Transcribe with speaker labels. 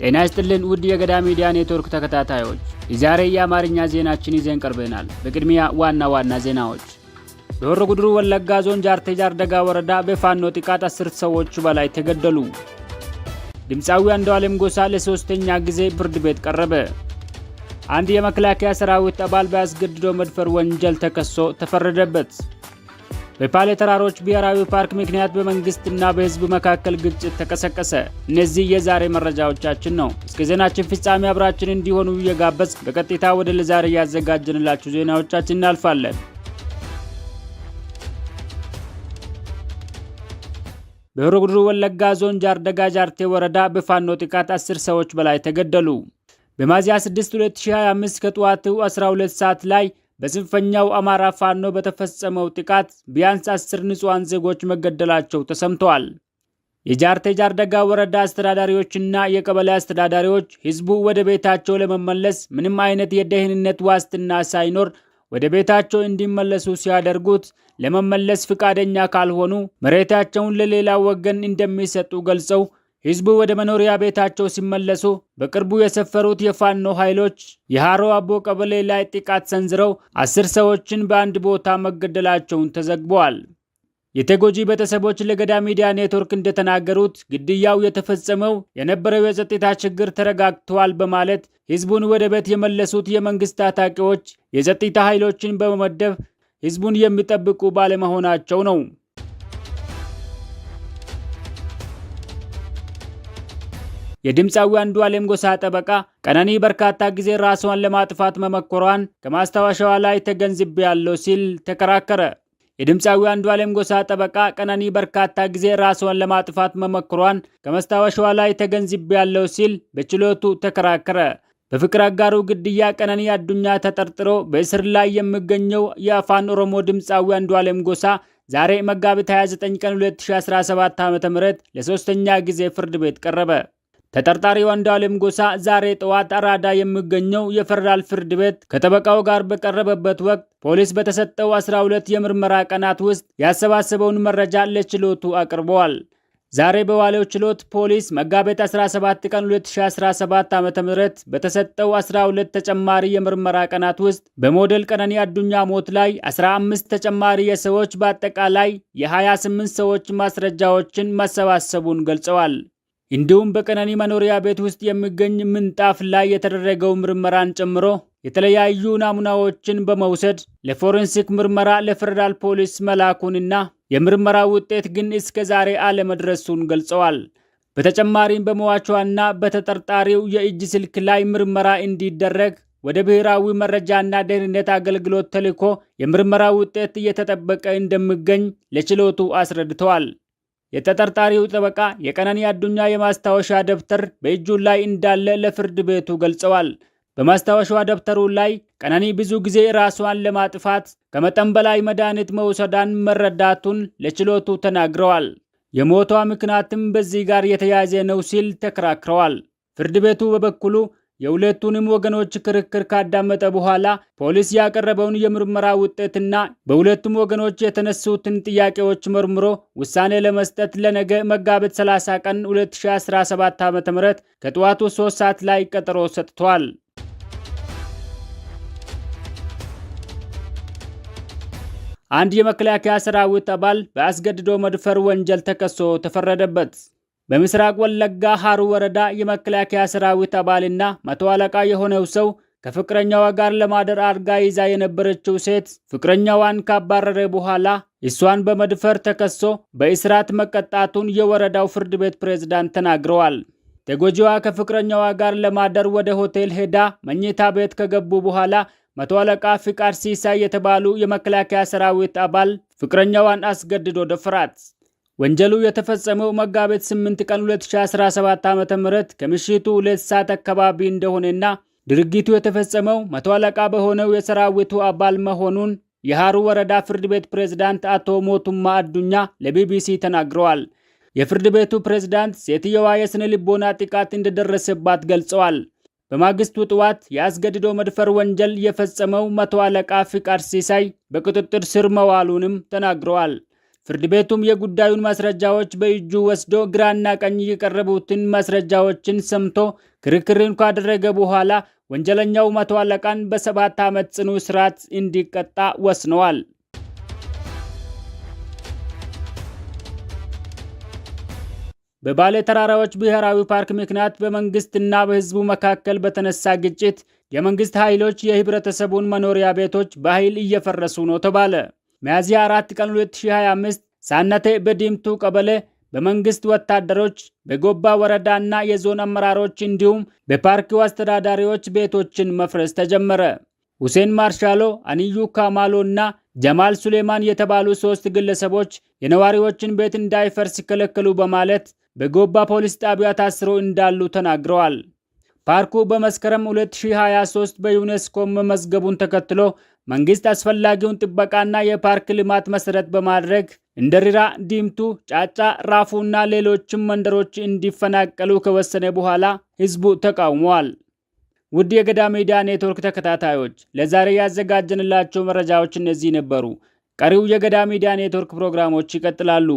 Speaker 1: ጤና ይስጥልን ውድ የገዳ ሚዲያ ኔትወርክ ተከታታዮች፣ የዛሬ የአማርኛ ዜናችን ይዘን ቀርበናል። በቅድሚያ ዋና ዋና ዜናዎች። በሆሮ ጉድሩ ወለጋ ዞን ጃርቴ ጃርደጋ ወረዳ በፋኖ ጥቃት አስር ሰዎች በላይ ተገደሉ። ድምፃዊ አንዱዓለም ጎሳ ለሶስተኛ ጊዜ ፍርድ ቤት ቀረበ። አንድ የመከላከያ ሰራዊት አባል በአስገድዶ መድፈር ወንጀል ተከሶ ተፈረደበት። በፓሌ ተራሮች ብሔራዊ ፓርክ ምክንያት በመንግስትና በህዝብ መካከል ግጭት ተቀሰቀሰ። እነዚህ የዛሬ መረጃዎቻችን ነው። እስከ ዜናችን ፍጻሜ አብራችን እንዲሆኑ እየጋበዝ በቀጥታ ወደ ለዛሬ ያዘጋጀንላችሁ ዜናዎቻችን እናልፋለን። በሆሮ ወለጋ ዞን ጃርደጋ ጃርቴ ወረዳ በፋኖ ጥቃት 10 ሰዎች በላይ ተገደሉ። በሚያዝያ 6 2025 ከጠዋቱ 12 ሰዓት ላይ በጽንፈኛው አማራ ፋኖ በተፈጸመው ጥቃት ቢያንስ አስር ንጹሐን ዜጎች መገደላቸው ተሰምተዋል። የጃርቴ ጃርደጋ ወረዳ አስተዳዳሪዎችና የቀበሌ አስተዳዳሪዎች ህዝቡ ወደ ቤታቸው ለመመለስ ምንም አይነት የደህንነት ዋስትና ሳይኖር ወደ ቤታቸው እንዲመለሱ ሲያደርጉት ለመመለስ ፍቃደኛ ካልሆኑ መሬታቸውን ለሌላ ወገን እንደሚሰጡ ገልጸው ህዝቡ ወደ መኖሪያ ቤታቸው ሲመለሱ በቅርቡ የሰፈሩት የፋኖ ኃይሎች የሃሮ አቦ ቀበሌ ላይ ጥቃት ሰንዝረው አስር ሰዎችን በአንድ ቦታ መገደላቸውን ተዘግበዋል። የተጎጂ ቤተሰቦች ለገዳ ሚዲያ ኔትወርክ እንደተናገሩት ግድያው የተፈጸመው የነበረው የጸጥታ ችግር ተረጋግተዋል በማለት ህዝቡን ወደ ቤት የመለሱት የመንግስት ታጣቂዎች የጸጥታ ኃይሎችን በመመደብ ህዝቡን የሚጠብቁ ባለመሆናቸው ነው። የድምፃዊ አንዱ አለም ጎሳ ጠበቃ ቀነኒ በርካታ ጊዜ ራሷን ለማጥፋት መመኮሯን ከማስታወሻዋ ላይ ያለው ሲል ተከራከረ። የድምፃዊ አንዱ አለም ጎሳ ጠበቃ ቀነኒ በርካታ ጊዜ ራሷን ለማጥፋት መመኮሯን ከማስታወሻዋ ላይ ያለው ሲል በችሎቱ ተከራከረ። በፍቅር አጋሩ ግድያ ቀነኒ አዱኛ ተጠርጥሮ በእስር ላይ የሚገኘው የአፋን ኦሮሞ ድምፃዊ አንዱ አለም ጎሳ ዛሬ መጋቢት 29 ቀን 2017 ም ለሶስተኛ ጊዜ ፍርድ ቤት ቀረበ። ተጠርጣሪው አንዱዓለም ጎሳ ዛሬ ጠዋት አራዳ የሚገኘው የፌዴራል ፍርድ ቤት ከጠበቃው ጋር በቀረበበት ወቅት ፖሊስ በተሰጠው 12 የምርመራ ቀናት ውስጥ ያሰባሰበውን መረጃ ለችሎቱ አቅርበዋል። ዛሬ በዋለው ችሎት ፖሊስ መጋቢት 17 ቀን 2017 ዓ.ም በተሰጠው 12 ተጨማሪ የምርመራ ቀናት ውስጥ በሞዴል ቀነኒ አዱኛ ሞት ላይ 15 ተጨማሪ የሰዎች በአጠቃላይ የ28 ሰዎች ማስረጃዎችን ማሰባሰቡን ገልጸዋል። እንዲሁም በቀነኒ መኖሪያ ቤት ውስጥ የሚገኝ ምንጣፍ ላይ የተደረገው ምርመራን ጨምሮ የተለያዩ ናሙናዎችን በመውሰድ ለፎረንሲክ ምርመራ ለፌደራል ፖሊስ መላኩንና የምርመራ ውጤት ግን እስከ ዛሬ አለመድረሱን ገልጸዋል። በተጨማሪም በመዋቿና በተጠርጣሪው የእጅ ስልክ ላይ ምርመራ እንዲደረግ ወደ ብሔራዊ መረጃና ደህንነት አገልግሎት ተልኮ የምርመራ ውጤት እየተጠበቀ እንደሚገኝ ለችሎቱ አስረድተዋል። የተጠርጣሪው ጠበቃ የቀነኒ አዱኛ የማስታወሻ ደብተር በእጁ ላይ እንዳለ ለፍርድ ቤቱ ገልጸዋል። በማስታወሻ ደብተሩ ላይ ቀነኒ ብዙ ጊዜ ራሷን ለማጥፋት ከመጠን በላይ መድኃኒት መውሰዳን መረዳቱን ለችሎቱ ተናግረዋል። የሞቷ ምክንያትም በዚህ ጋር የተያያዘ ነው ሲል ተከራክረዋል። ፍርድ ቤቱ በበኩሉ የሁለቱንም ወገኖች ክርክር ካዳመጠ በኋላ ፖሊስ ያቀረበውን የምርመራ ውጤትና በሁለቱም ወገኖች የተነሱትን ጥያቄዎች መርምሮ ውሳኔ ለመስጠት ለነገ መጋቢት 30 ቀን 2017 ዓ.ም ከጠዋቱ 3 ሰዓት ላይ ቀጠሮ ሰጥቷል። አንድ የመከላከያ ሰራዊት አባል በአስገድዶ መድፈር ወንጀል ተከሶ ተፈረደበት። በምስራቅ ወለጋ ሀሩ ወረዳ የመከላከያ ሰራዊት አባልና መቶ አለቃ የሆነው ሰው ከፍቅረኛዋ ጋር ለማደር አድርጋ ይዛ የነበረችው ሴት ፍቅረኛዋን ካባረረ በኋላ እሷን በመድፈር ተከሶ በእስራት መቀጣቱን የወረዳው ፍርድ ቤት ፕሬዝዳንት ተናግረዋል። ተጎጂዋ ከፍቅረኛዋ ጋር ለማደር ወደ ሆቴል ሄዳ መኝታ ቤት ከገቡ በኋላ መቶ አለቃ ፍቃድ ሲሳይ የተባሉ የመከላከያ ሰራዊት አባል ፍቅረኛዋን አስገድዶ ደፈራት። ወንጀሉ የተፈጸመው መጋቢት 8 ቀን 2017 ዓ.ም ከምሽቱ ሁለት ሰዓት አካባቢ እንደሆነና ድርጊቱ የተፈጸመው መቶ አለቃ በሆነው የሰራዊቱ አባል መሆኑን የሃሩ ወረዳ ፍርድ ቤት ፕሬዝዳንት አቶ ሞቱማ አዱኛ ለቢቢሲ ተናግረዋል። የፍርድ ቤቱ ፕሬዝዳንት ሴትየዋ የስነ ልቦና ጥቃት እንደደረሰባት ገልጸዋል። በማግስቱ ጥዋት የአስገድዶ መድፈር ወንጀል የፈጸመው መቶ አለቃ ፍቃድ ሲሳይ በቁጥጥር ስር መዋሉንም ተናግረዋል። ፍርድ ቤቱም የጉዳዩን ማስረጃዎች በእጁ ወስዶ ግራና ቀኝ የቀረቡትን ማስረጃዎችን ሰምቶ ክርክርን ካደረገ በኋላ ወንጀለኛው መቶ አለቃን በሰባት ዓመት ጽኑ እስራት እንዲቀጣ ወስነዋል። በባሌ ተራራዎች ብሔራዊ ፓርክ ምክንያት በመንግስትና በሕዝቡ መካከል በተነሳ ግጭት የመንግስት ኃይሎች የህብረተሰቡን መኖሪያ ቤቶች በኃይል እየፈረሱ ነው ተባለ። ሚያዝያ 4 ቀን 2025 ሳነቴ በዲምቱ ቀበሌ በመንግስት ወታደሮች በጎባ ወረዳና የዞን አመራሮች እንዲሁም በፓርኩ አስተዳዳሪዎች ቤቶችን መፍረስ ተጀመረ። ሁሴን ማርሻሎ፣ አንዩ ካማሎ እና ጀማል ሱሌማን የተባሉ ሶስት ግለሰቦች የነዋሪዎችን ቤት እንዳይፈርስ ሲከለከሉ በማለት በጎባ ፖሊስ ጣቢያ ታስረው እንዳሉ ተናግረዋል። ፓርኩ በመስከረም 2023 በዩኔስኮ መመዝገቡን ተከትሎ መንግስት አስፈላጊውን ጥበቃና የፓርክ ልማት መሰረት በማድረግ እንደሪራ፣ ዲምቱ፣ ጫጫ፣ ራፉና ሌሎችም መንደሮች እንዲፈናቀሉ ከወሰነ በኋላ ህዝቡ ተቃውመዋል። ውድ የገዳ ሚዲያ ኔትወርክ ተከታታዮች ለዛሬ ያዘጋጀንላቸው መረጃዎች እነዚህ ነበሩ። ቀሪው የገዳ ሚዲያ ኔትወርክ ፕሮግራሞች ይቀጥላሉ።